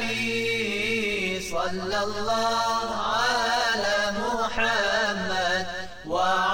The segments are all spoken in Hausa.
النبي صلى الله على محمد وعلى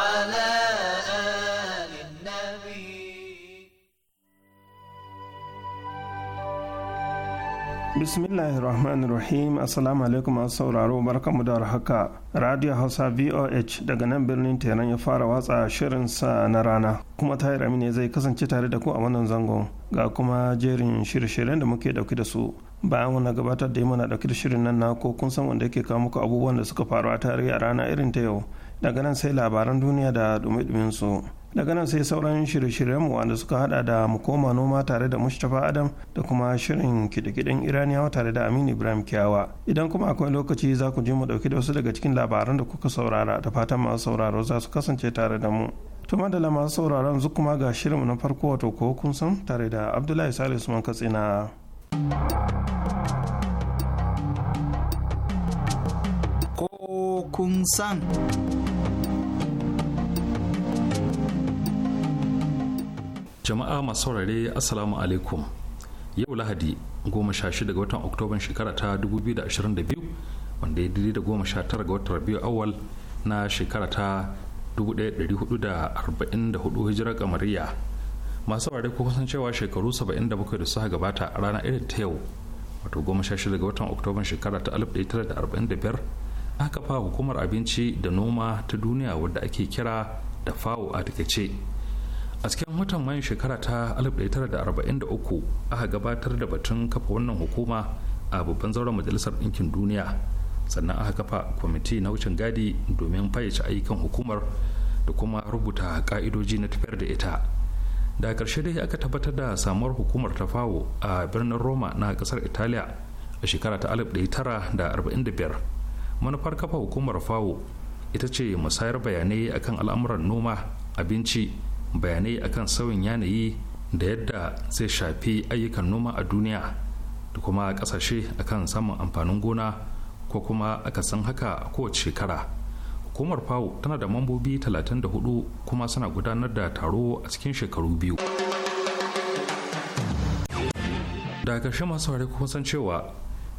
bismillahirrahmanirrahim assalamu alaikum masu sauraro barkanmu da haka radio hausa voh daga nan birnin teran ya fara watsa shirin sa na rana kuma tahir ne zai kasance tare da ku a wannan zangon ga kuma jerin shirye-shiryen da muke dauke da su bayan wannan gabatar da yi mana dauke da shirin nan na ko kun san wanda yake kawo muku abubuwan da suka faru a tarihi a rana irin ta yau daga nan sai labaran duniya da dumi-dumin su daga nan sai sauran shirye-shiryenmu wanda suka hada da mu koma noma tare da mustapha adam da kuma shirin kidikidin iraniyawa tare da aminu ibrahim kyawa idan kuma akwai lokaci za ku je mu dauki da wasu daga cikin labaran da kuka saurara da fatan masu sauraro za su kasance tare da mu to da masu sauraron zu kuma ga shirinmu na farko wato ko kun san tare da abdullahi salisu man katsina ko kun san jama'a masu saurare assalamu alaikum yau lahadi 16 ga watan oktoban shekara ta 2022 wanda ya daidai da 19 ga watan rabiu awal na shekara ta 1444 hijirar kamariya masu saurare ko kusan cewa shekaru 77 da suka gabata a rana irin ta yau wato 16 ga watan oktoban shekara ta 1945 aka fa hukumar abinci da noma ta duniya wadda ake kira da fawo a takaice a cikin watan mayun shekara ta 1943 aka gabatar da batun kafa wannan hukuma a babban zauren majalisar ɗinkin duniya sannan aka kafa kwamiti na wucin gadi domin fayyace ayyukan hukumar da kuma rubuta ka'idoji na tafiyar da ita da karshe dai aka tabbatar da samuwar hukumar ta fawo a birnin roma na ƙasar italiya a shekara ta 1945 manufar kafa hukumar fawo ita ce musayar bayanai akan al'amuran noma abinci bayanai akan sauyin yanayi da yadda zai shafi ayyukan noma a duniya da kuma kasashe akan samun amfanin gona ko kuma aka san haka a kowace shekara hukumar fao tana da mambobi 34 kuma suna gudanar da taro a cikin shekaru biyu daga ƙarshe masu saurari kuma san cewa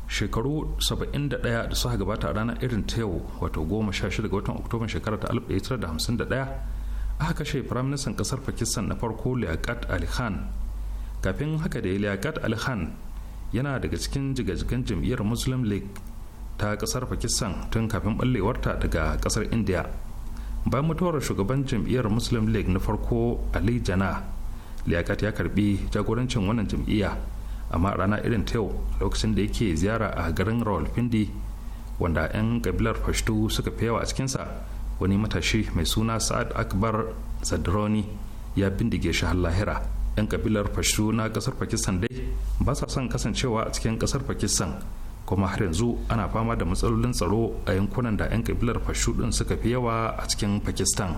shekaru 71 da suka gabata a ranar irin ta yau wato 16 ga watan oktoba shekarar ta 1951 aka kashe firaministan kasar pakistan na farko liaquat ali khan kafin haka da liaquat ali khan yana daga cikin jigajigan jam'iyyar muslim league ta kasar pakistan tun kafin ballewarta daga kasar india bayan mutuwar shugaban jam'iyyar muslim league na farko ali jana liaquat ya karbi jagorancin wannan jam'iyya amma rana irin ta yau lokacin da yake ziyara a garin rawalpindi wanda 'yan kabilar fashtu suka fi yawa a cikinsa wani matashi mai suna sa'ad akbar zadroni ya bindige shi har lahira yan kabilar fashu na kasar pakistan dai ba sa son kasancewa a cikin kasar pakistan kuma har yanzu ana fama da matsalolin tsaro a yankunan da yan kabilar fashu din suka fi yawa a cikin pakistan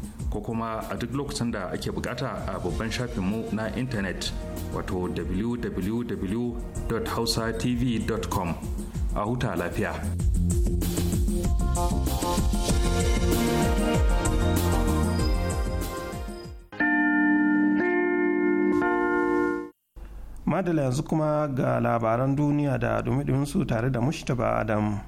ko kuma a duk lokacin da ake bukata a babban shafinmu na intanet wato www.hausatv.com a huta lafiya. Madala yanzu kuma ga labaran duniya da dumi su tare da Mushtaba Adam.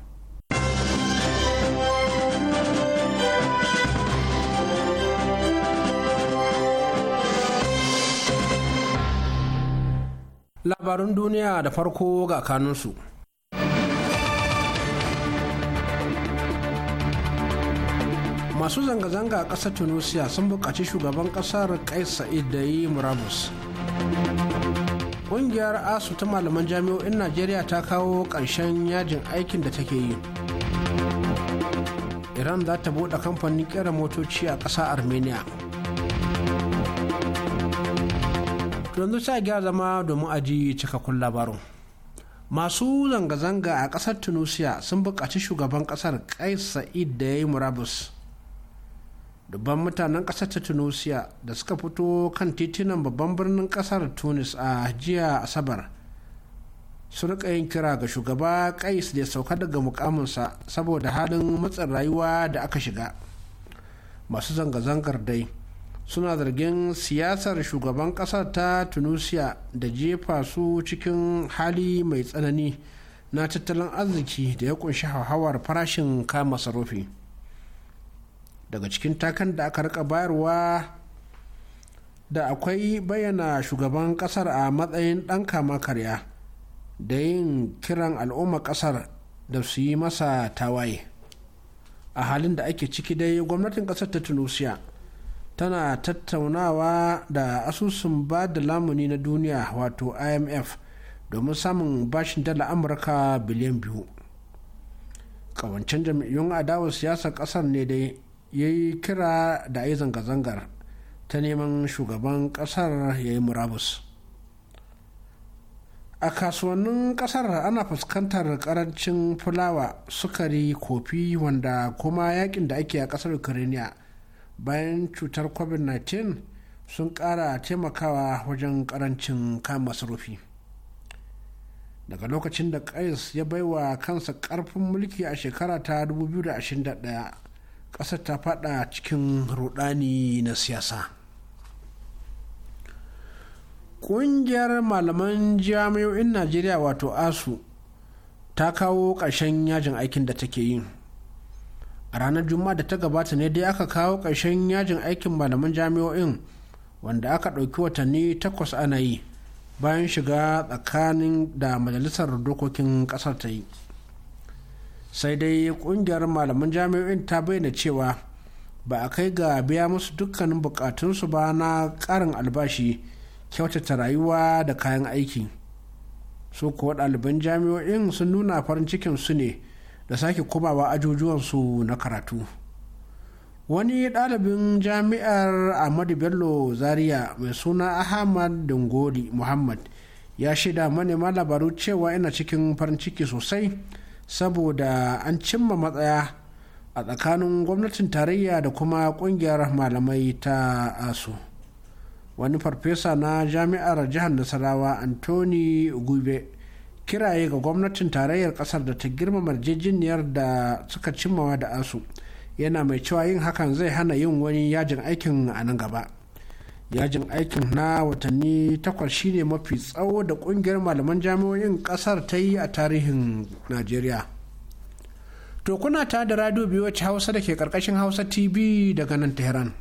labarun duniya da farko ga kanunsu. masu zanga-zanga a ƙasar tunisia sun buƙaci shugaban ƙasar kais sa'id da yi murabus ƙungiyar asu ta malaman jami'o'in najeriya ta kawo ƙarshen yajin aikin da take yi iran za ta buɗe kamfanin ƙera motoci a ƙasar armenia yanzu sa gyara zama domin aji cikakkun labarin masu zanga-zanga a ƙasar tunisia sun buƙaci shugaban ƙasar kai sa'id da ya yi murabus dubban mutanen ƙasar ta tunisia da suka fito kan titunan babban birnin ƙasar tunis a jiya asabar sun rika yin kira ga shugaba kais da ya sauka daga mukaminsa saboda halin matsin rayuwa da aka shiga masu zanga-zangar dai suna zargin siyasar shugaban ƙasar ta tunisia da jefa su cikin hali mai tsanani na tattalin arziki da ya kunshi hauhawar farashin kayan masarufi daga cikin takan da aka rika bayarwa da akwai bayyana shugaban kasar a matsayin ɗan kama karya da yin kiran al'umma kasar da su yi masa tawaye a halin da ake ciki dai gwamnatin kasar ta tunisia tana tattaunawa da asusun ba da lamuni na duniya wato imf domin samun bashin dala amurka biliyan biyu Ƙawancen jam'iyyun adawar siyasar kasar ne dai ya yi kira da yi zanga-zangar ta neman shugaban kasar ya yi murabus a kasuwannin kasar ana fuskantar karancin fulawa sukari kofi wanda kuma yakin da ake a kasar ukraine bayan cutar covid-19 sun kara taimakawa wajen ƙarancin kama masarufi daga lokacin da kais ya baiwa kansa karfin mulki a shekara ta 2021 ƙasar ta fada cikin rudani na siyasa ƙungiyar malaman jami'o'in najeriya wato asu ta kawo ƙarshen yajin aikin da take yi a ranar juma'a da ta gabata ne dai aka kawo ƙarshen yajin aikin malaman jami'o'in wanda aka ɗauki watanni takwas ana yi bayan shiga tsakanin da majalisar dokokin ƙasar ta yi sai dai ƙungiyar malaman jami'o'in ta bayyana cewa ba a kai ga biya musu dukkanin bukatunsu ba na ƙarin albashi kyautata rayuwa da kayan aiki su kuwa ɗaliban jami'o'in sun nuna farin cikin su ne da sake komawa su na karatu wani ɗalibin jami'ar ahmadu bello zaria mai suna ahmad dingoli muhammad ya shaida manema labaru cewa ina cikin farin ciki sosai saboda an cimma matsaya a tsakanin gwamnatin tarayya da kuma kungiyar malamai ta asu wani farfesa na jami'ar jihar nasarawa anthony gube kiraye ga gwamnatin tarayyar kasar da ta girmama yarjejeniyar da suka cimmawa da asu yana mai cewa yin hakan zai hana yin wani yajin aikin a nan gaba yajin aikin na watanni takwas shine mafi tsawo da kungiyar malaman jami'o'in kasar ta yi a tarihin najeriya to kuna ta da radio biyu wacce hausa da ke karkashin hausa tv daga nan tehran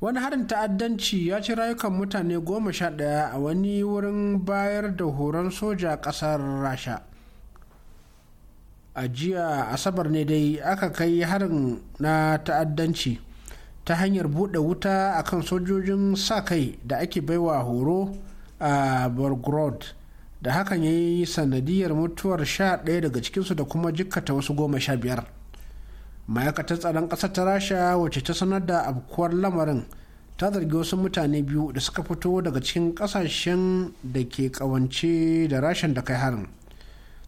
wani harin ta'addanci ya ci rayukan mutane goma sha ɗaya a wani wurin bayar da horon soja ƙasar rasha a jiya asabar ne dai aka kai harin na ta'addanci ta hanyar buɗe wuta a kan sojojin sa-kai da ake baiwa horo a belgrade da hakan ya yi sanadiyar mutuwar sha ɗaya daga cikinsu da kuma jikkata wasu goma sha biyar ma'aikatar tsaron ƙasar ta rasha wacce ta sanar da abkuwar lamarin ta zargi wasu mutane biyu da suka fito daga cikin ƙasashen da ke ƙawance da rashin da kai harin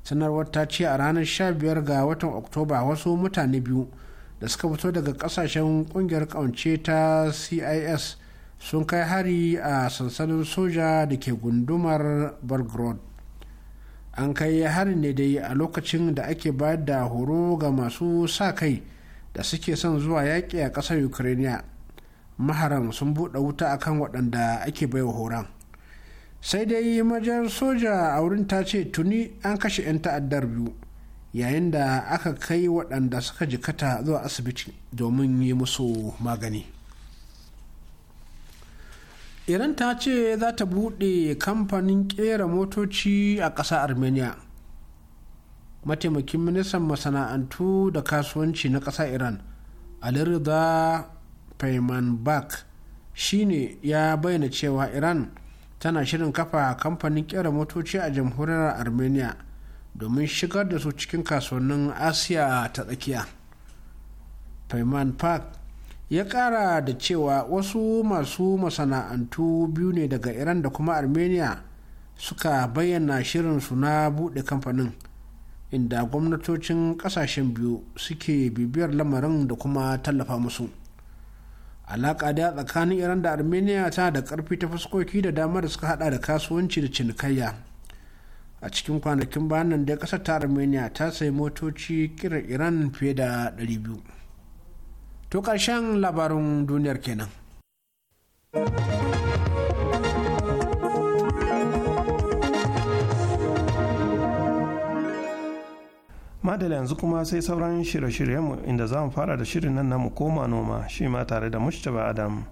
sanarwar ta ce a ranar 15 ga watan oktoba wasu mutane biyu da suka fito daga ƙasashen ƙungiyar ƙawance ta cis sun kai hari a sansanin soja da ke gundumar belgrade an kai harin ne dai a lokacin da ake ba da horo ga masu sa kai da suke son zuwa yaƙi a ƙasar ukraine maharan sun buɗe wuta akan waɗanda ake baiwa horon sai dai majar soja a wurin ta ce tuni an kashe 'yan ta'addar biyu yayin da aka kai waɗanda suka jikata zuwa asibiti domin yi musu magani. iran ta ce za ta buɗe kamfanin kera motoci a ƙasa armenia mataimakin ministan masana'antu da kasuwanci na ƙasa iran alirza bak shine ya bayyana cewa iran tana shirin kafa kamfanin kera motoci a jamhuriyar armenia domin shigar da su cikin kasuwannin asiya ta tsakiya payman park ya kara da cewa wasu masu masana'antu biyu ne daga iran da kuma armenia suka bayyana shirinsu na buɗe kamfanin inda gwamnatocin ƙasashen biyu suke bibiyar lamarin da kuma tallafa musu alaƙa da tsakanin iran da armenia ta da ƙarfi ta fuskoki da dama da suka hada da kasuwanci da cinikayya a cikin kwanakin bayan da ƙasar ta armenia ta sayi motoci kiran iran fiye da 200 to ƙarshen labarin duniyar kenan. madala yanzu kuma sai sauran shirye-shiryenmu inda za mu fara da shirin nan mu koma noma shi ma tare da mushtaba adam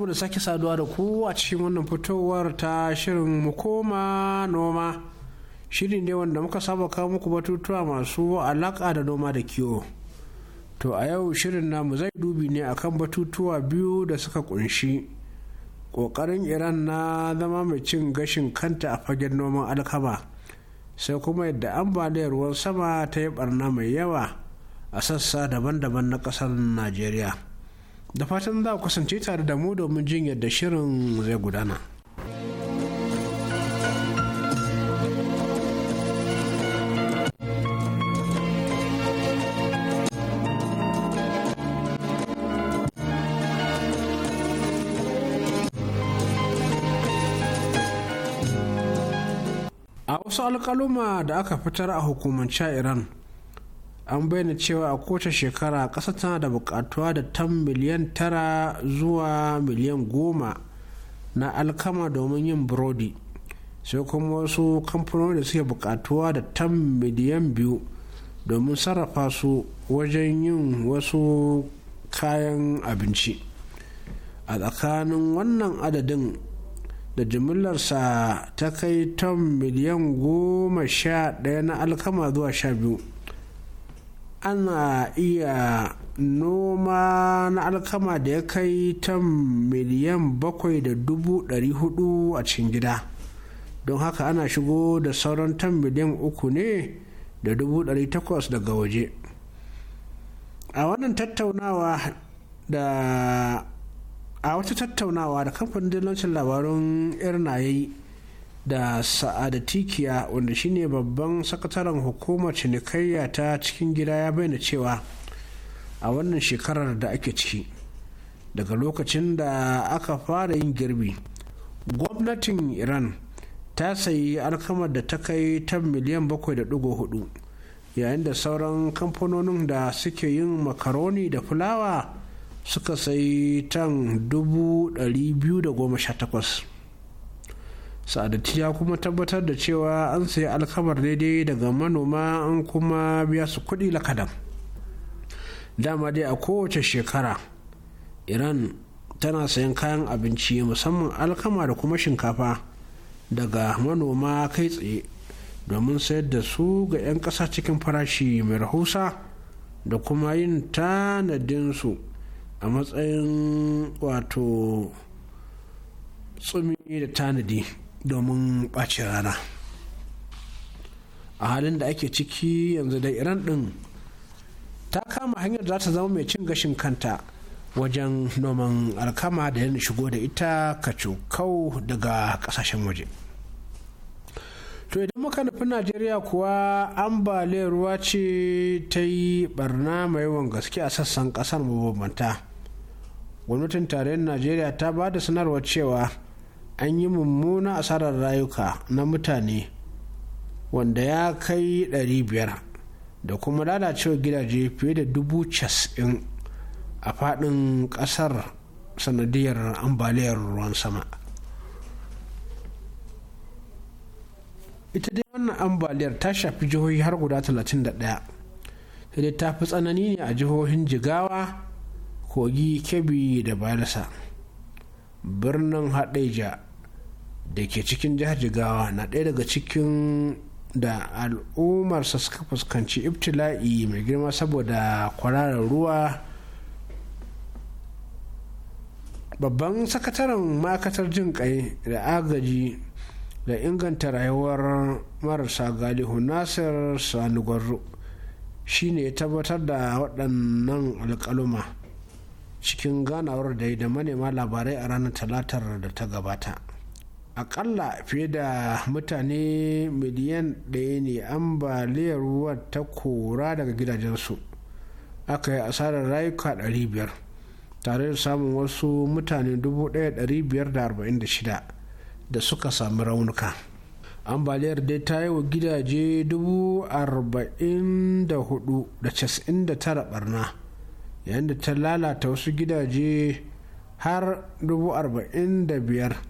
saboda sake saduwa da ku a cikin wannan fitowar ta shirin mu koma noma shiri ne wanda muka saba kawo muku batutuwa masu alaka da noma da kiwo to a yau shirin na mu zai dubi ne akan batutuwa biyu da suka kunshi kokarin iran na zama mai cin gashin kanta a fagen noman alkama sai kuma yadda ambaliyar ruwan sama ta yi barna mai yawa a sassa daban-daban na ƙasar najeriya da fatan za ku kasance tare da mu domin jin yadda shirin zai gudana. A wasu alƙaluma da aka fitar a hukumance Iran. an bayyana cewa a kowace shekara ƙasa tana da buƙatuwa da tan miliyan tara zuwa miliyan goma na alkama domin yin burodi sai kuma wasu kamfanoni da suke buƙatuwa da tan miliyan biyu domin sarrafa su wajen yin wasu kayan abinci a tsakanin wannan adadin da jimillarsa ta kai ton miliyan goma sha ɗaya na alkama zuwa sha biyu ana iya noma na alkama da ya kai ta miliyan bakwai da dubu ɗari hudu a cikin gida don haka ana shigo da sauran tan miliyan uku ne da dubu ɗari takwas daga waje a wannan tattaunawa da a wata tattaunawa da kamfanin dillancin labarun irna ya yi da sa'adatikiya wanda shine babban sakataren hukumar cinikayya ta cikin gida ya bayyana cewa a wannan shekarar da ake ciki daga lokacin da aka fara yin girbi gwamnatin iran ta sayi alkamar da ta kai ta miliyan 7.4 yayin da sauran kamfanonin da suke yin makaroni da fulawa suka sayi tan 218 sa'adati ya kuma tabbatar da cewa an sayi alkamar daidai daga manoma an kuma biya su kuɗi lakadan dama dai a kowace shekara iran tana sayan kayan abinci musamman alkama da kuma shinkafa daga manoma kai tsaye domin sayar da su ga 'yan ƙasa cikin farashi mai rahusa da kuma yin su a matsayin wato tsumi da tanadi domin ɓacin rana a halin da ake ciki yanzu da iran ɗin ta kama hanyar za ta zama mai cin gashin kanta wajen noman alkama da yana shigo da ita kacukau daga ƙasashen waje to idan muka nufi najeriya kuwa ambaliyar ruwa ce ta yi barna mai yawan gaske a sassan ƙasar mabambanta gwamnatin tarayyar najeriya ta ba da sanarwar cewa an yi mummuna asarar rayuka na mutane wanda ya kai 500 da kuma lalacewa gidaje fiye da dubu casin a faɗin ƙasar sanadiyar ambaliyar ruwan sama ita dai wannan ambaliyar ta shafi jihohi har guda 31 sai dai ta fi tsanani ne a jihohin jigawa kogi kebbi da barisa birnin haɗeja da ke cikin jihar jigawa na ɗaya daga cikin da al'ummarsa suka fuskanci ibtila'i mai girma saboda kwararar ruwa babban sakataren ma'aikatar jin kai da agaji da inganta rayuwar marasa galihu nasir sani gwarro shine ya tabbatar da waɗannan alƙaluma cikin ganawar da yi da manema labarai a ranar talatar da ta gabata akalla fiye da mutane miliyan ɗaya ne ambaliyar ruwa ta kora daga gidajensu aka yi asarar rayuka 500 tare da samun wasu mutane 1546 da suka sami raunuka ambaliyar dai ta yi wa gidaje 44,99 barna yayin da ta lalata wasu gidaje har 45,000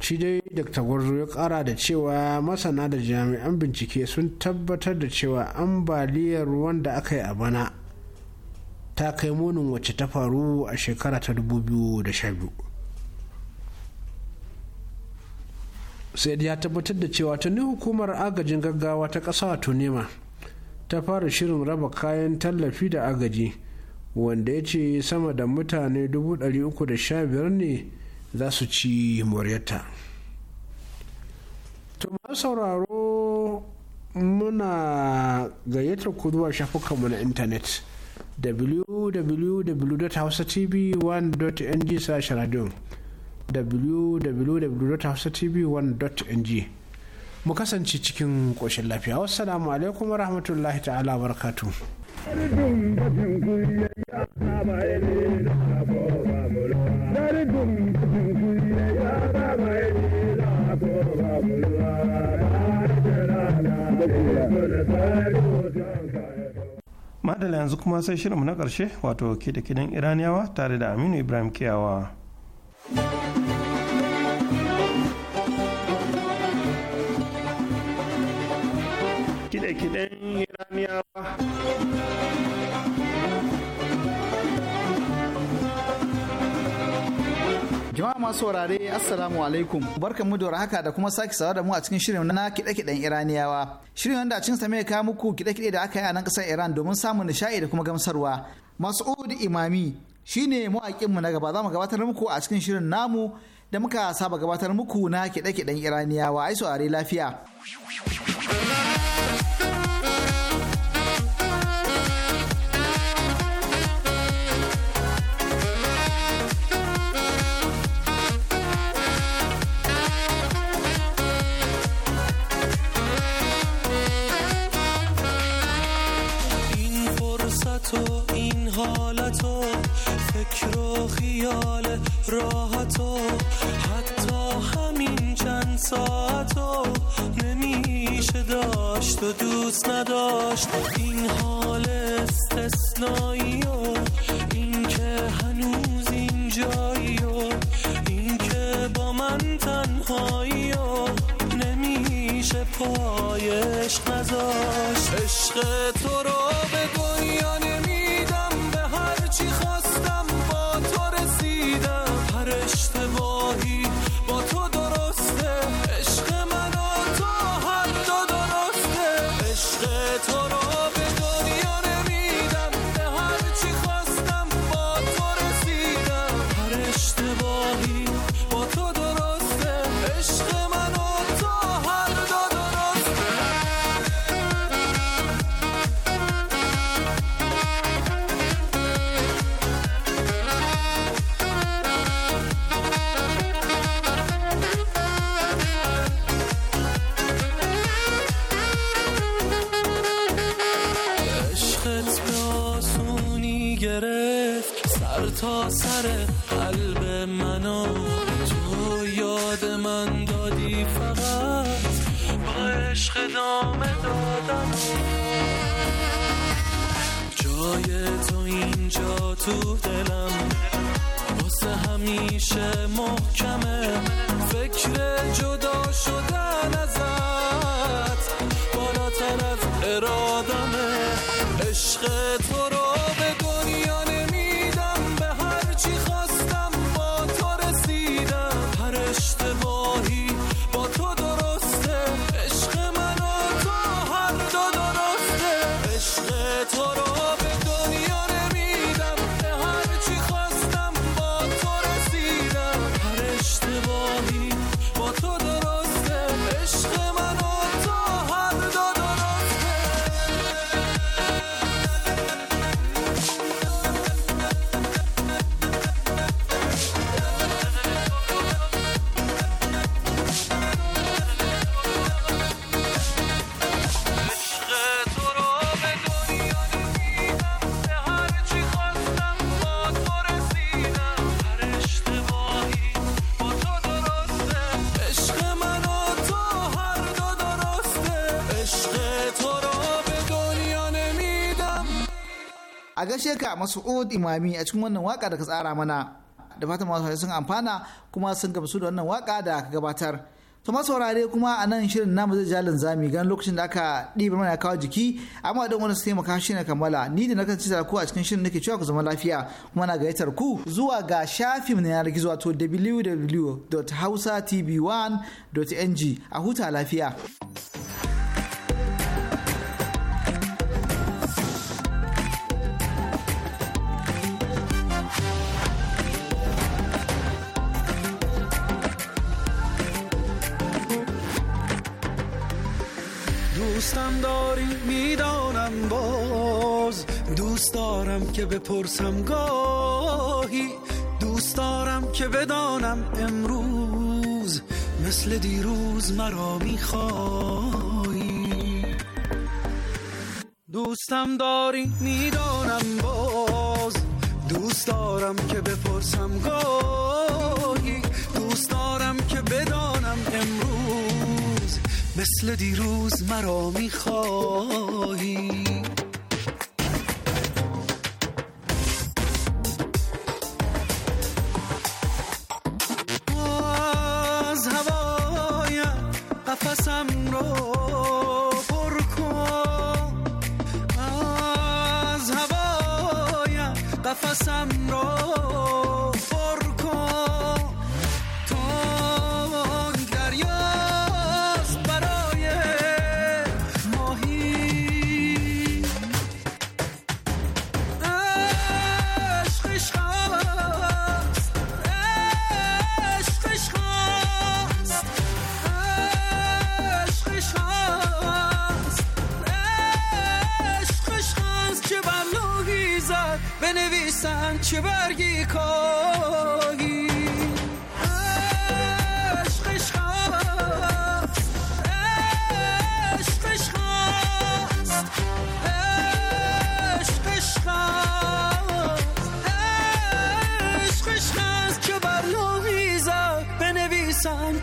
shi dai dr gwarzo ya kara da cewa masana da jami'an bincike sun tabbatar da cewa ambaliyar ruwan da aka yi a bana ta kai munin wacce ta faru a shekara ta 2012 sai ya tabbatar da cewa tuni hukumar agajin gaggawa ta ƙasa wato nema ta fara shirin raba kayan tallafi da agaji wanda ya ce sama da mutane 315 ne za su ci moriyarta to masu sauraro muna gayyatar ku zuwa shafukanmu na intanet www.hausatv1.ng slash radio www.hausatv1.ng mu kasance cikin ƙoshin lafiya wassalamu alaikum rahmatullahi ta'ala barkatu. madala yanzu kuma sai shirinmu na ƙarshe wato kidan iraniyawa tare da aminu ibrahim kiyawa kide-kiden iraniyawa masu saurare assalamu alaikum barkan mu da haka da kuma sake sawa da mu a cikin shirin na kiɗe-kiɗen iraniyawa shirin wanda a cikin sa mai kawo muku kiɗe-kiɗe da aka yi a nan kasar iran domin samun nishaɗi da kuma gamsarwa mas'ud imami shine mawaƙin mu na gaba za mu gabatar muku a cikin shirin namu da muka saba gabatar muku na kiɗe-kiɗen iraniyawa ai saurare lafiya فکر و خیال راحت و حتی همین چند ساعت و نمیشه داشت و دوست نداشت این حال استثنایی و این که هنوز جایی و این با من تنهایی و نمیشه پایش نذاشت عشق تو رو به دنیا نمیدم به هرچی خواست میگرفت سر تا سر قلب منو تو یاد من دادی فقط با عشق دامه دادم جای تو اینجا تو دلم واسه همیشه محکمه فکر جدا شدن ازت بالاتر از ارادمه عشق تو رو gaishe ka Mas'ud Imami a cikin wannan waka da ka tsara mana. Da fatan masu sun amfana kuma sun gamsu da wannan waka da ka gabatar. To masu saurare kuma a nan shirin namu zai jalin zami gan lokacin da aka ɗiba mana kawo jiki amma don wani su taimaka shi na kammala ni da na kan ci ku a cikin shirin nake cewa ku zama lafiya kuma na gayyatar ku zuwa ga shafin na yanar gizo wato www.hausatv1.ng a huta lafiya. دوستم داری میدانم باز دوست دارم که بپرسم گاهی دوست دارم که بدانم امروز مثل دیروز مرا میخوایی دوستم داری میدانم باز دوست دارم که بپرسم گاهی دوست دارم که بدانم امروز مثل دیروز مرا میخواهی از هوایم قفسم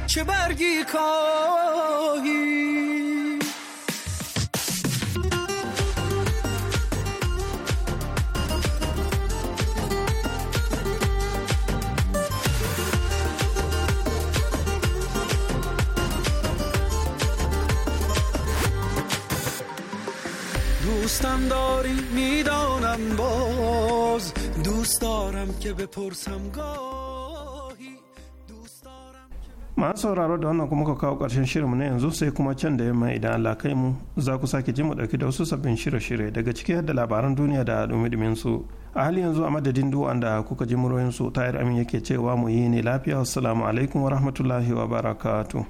چه برگی کاهی دوستم داری میدانم باز دوست دارم که بپرسم گاه masu sauraro da wannan kuma ka kawo ƙarshen shirinmu na yanzu sai kuma can da yamma idan Allah kai mu za ku sake ji mu ɗauki da wasu sabbin shirye-shirye daga ciki da labaran duniya da dumi su a hali yanzu a madadin duwan da kuka ji muroyin su tayar amin yake cewa mu yi ne lafiya assalamu alaikum wa rahmatullahi wa barakatu.